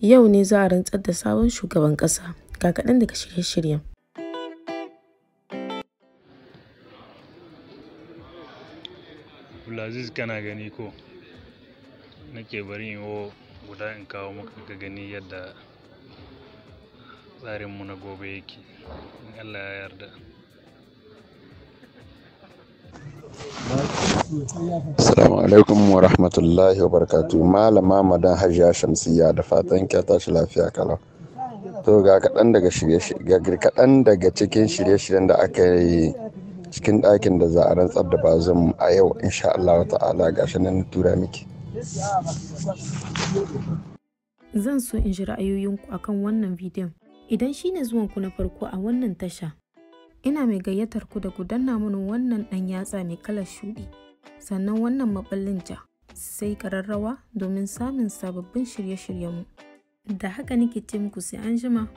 Yau ne za a rantsar da sabon shugaban kasa ga kaɗan daga shirye-shiryen. Abdulaziz kana gani ko nake bari in wo guda in kawo maka gani yadda tsarinmu na gobe yake in Allah ya yarda. Assalamu alaikum wa rahmatullahi wa barakatu. Malama madan hajiya shamsiyya da fatan ta tashi lafiya kala To ga kaɗan daga shirye kaɗan daga cikin shirye-shiryen da aka yi cikin ɗakin da za a rantsar da bazum a yau insha Allah ta'ala gashi nan tura miki. Zan so in ji ra'ayoyinku akan wannan bidiyon. Idan shine zuwanku na farko a wannan tasha, ina mai gayyatar ku da ku danna mana wannan ɗan yatsa mai kalar shuɗi. sannan wannan maɓallin ja sai kararrawa domin samun sababbin shirye-shiryenmu da haka nake ce muku sai an jima